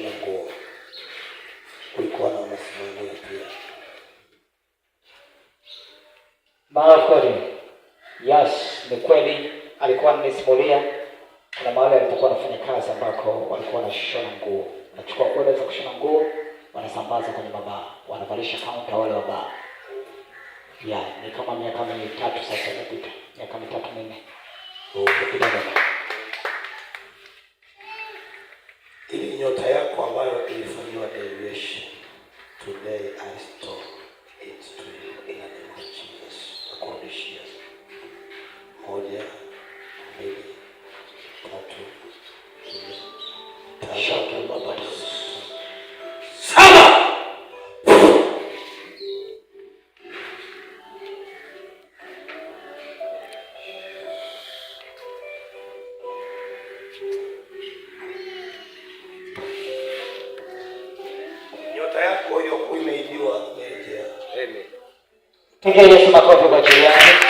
kushona nguo, kulikuwa na wanafunzi wengine pia. Mara kweli, yes, ni kweli alikuwa nimesimulia, kuna mahali alipokuwa anafanya kazi ambako walikuwa wanashona nguo, wanachukua kwenda za kushona nguo wanasambaza kwenye mabaa, wanavalisha kaunta wale wa baa. Yeah, ni kama miaka mitatu sasa imepita, miaka mitatu minne. Oh, kidogo. waliokuwa imeibiwa Amen. Piga Yesu makofi kwa ajili yake.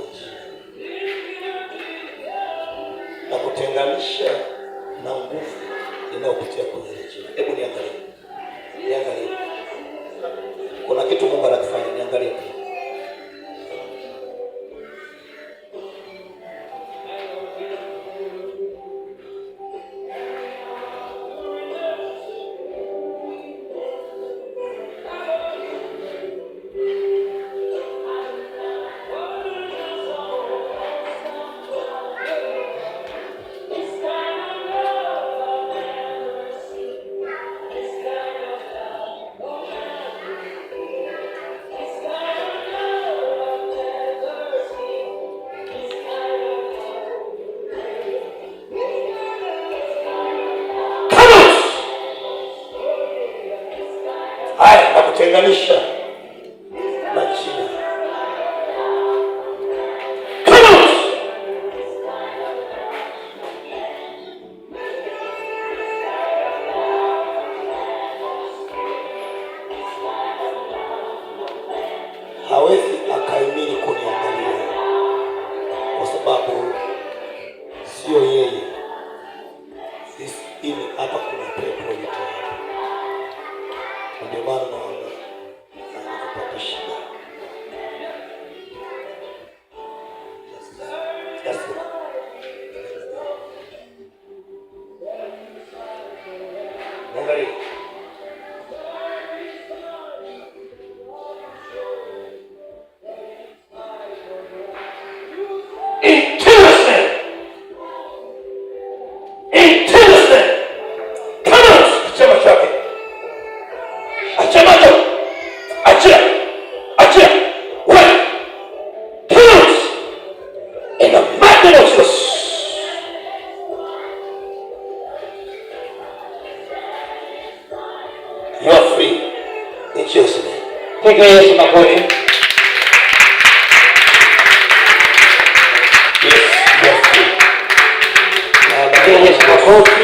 kutenganisha na nguvu inayokutia kwenye njia. Hebu niangalie, niangalie, kuna kitu Mungu anakifanya. Niangalie. legalista. in the mighty name of Jesus. You are free in Jesus' name. Piga Yesu makofi. Yes, you are free. Piga Yesu makofi.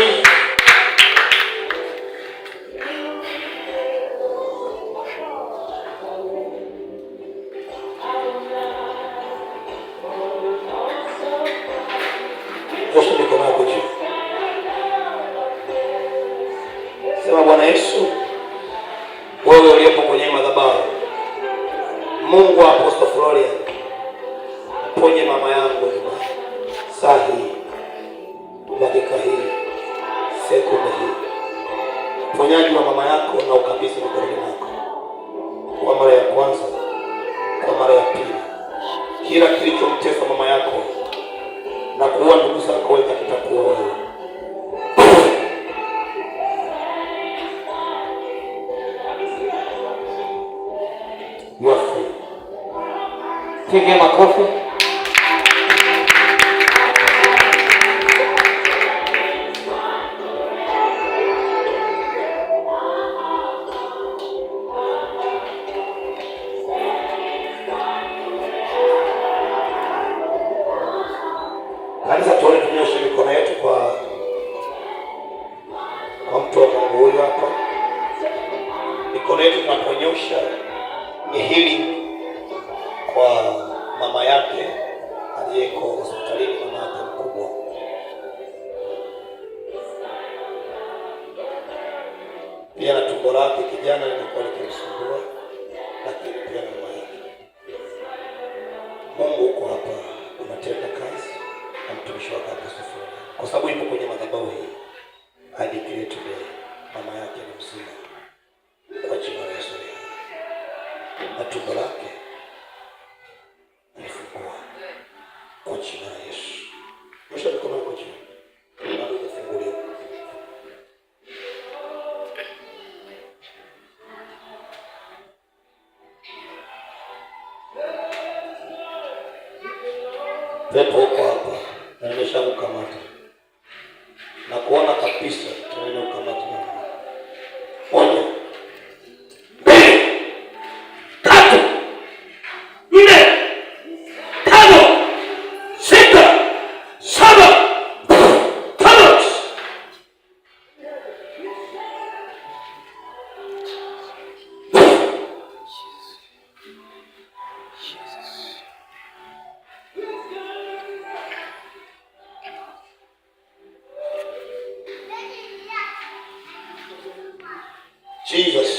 yako na ukabidhi mikononi mwako kwa mara ya kwanza, kwa mara ya pili. Kila kilichomtesa mama yako na kuua ndugu zako wewe, kitakuwa wewe. Piga makofi. Kanisa, tuone tunyoshe mikono yetu kwa kwa mtu wa Mungu huyu hapa. Mikono yetu tunaponyosha ni hili mtumishi wa Baba Sofia, kwa sababu ipo kwenye madhabahu hii hadi kile tume mama yake ni mzima vivas.